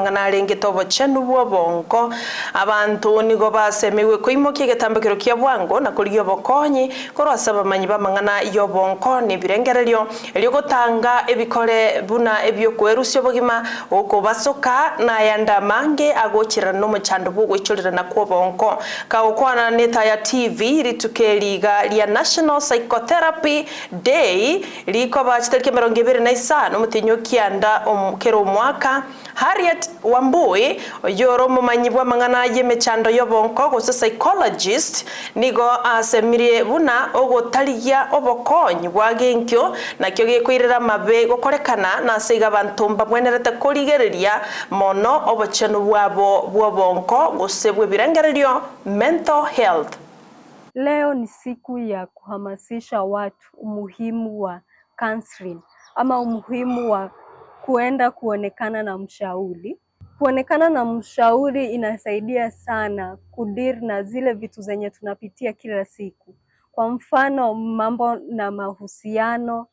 ngana renge tobo chenu bwo bonko abantu nigo basemewe kuimokia getambikiro kia bwango na kurigio bokonyi korwasa bamanyi bamang'ana iyo bonko ni birengererio riogotanga ebikore buna ebiokwerusia basoka na yanda mange agochirana na omochando bogoichorerana kwa bonko neta ya tv rituke riga ria national psychotherapy day liko ba emerongo ebere na isa isano omotinyo kianda um, kero hari ya Wambui oyoro omomanyi bwa amang'ana ya emechando ya gose psychologist nigo asemirie buna ogotarigia obokonyi bwagenkio nakio gekoirera mabe gokorekana na siga iga abanto mbamwenerete korigereria mono obochano bwabo bwobonko gose bwa mental health Leo ni siku ya kuhamasisha watu umuhimu wa counseling ama umuhimu wa kuenda kuonekana na mshauri. Kuonekana na mshauri inasaidia sana kudiri na zile vitu zenye tunapitia kila siku, kwa mfano mambo na mahusiano,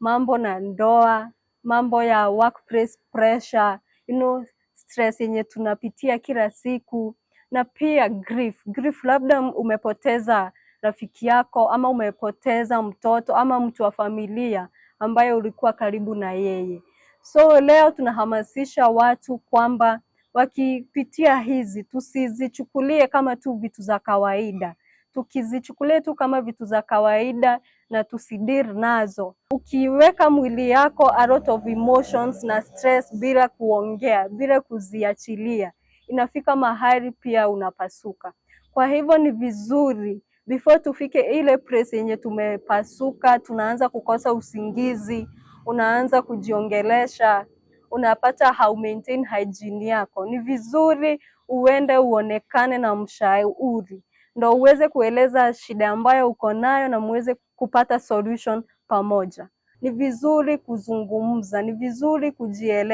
mambo na ndoa, mambo ya workplace pressure, you know, stress yenye tunapitia kila siku na pia grief. Grief labda umepoteza rafiki yako ama umepoteza mtoto ama mtu wa familia ambaye ulikuwa karibu na yeye. So leo tunahamasisha watu kwamba wakipitia hizi tusizichukulie kama tu vitu za kawaida, tukizichukulie tu kama vitu za kawaida na tusidir nazo. Ukiweka mwili yako a lot of emotions na stress bila kuongea, bila kuziachilia, inafika mahali pia unapasuka. Kwa hivyo ni vizuri before tufike ile press yenye tumepasuka, tunaanza kukosa usingizi unaanza kujiongelesha, unapata how maintain hygiene yako. Ni vizuri uende uonekane na mshauri ndo uweze kueleza shida ambayo uko nayo na muweze kupata solution pamoja. Ni vizuri kuzungumza, ni vizuri kujieleza.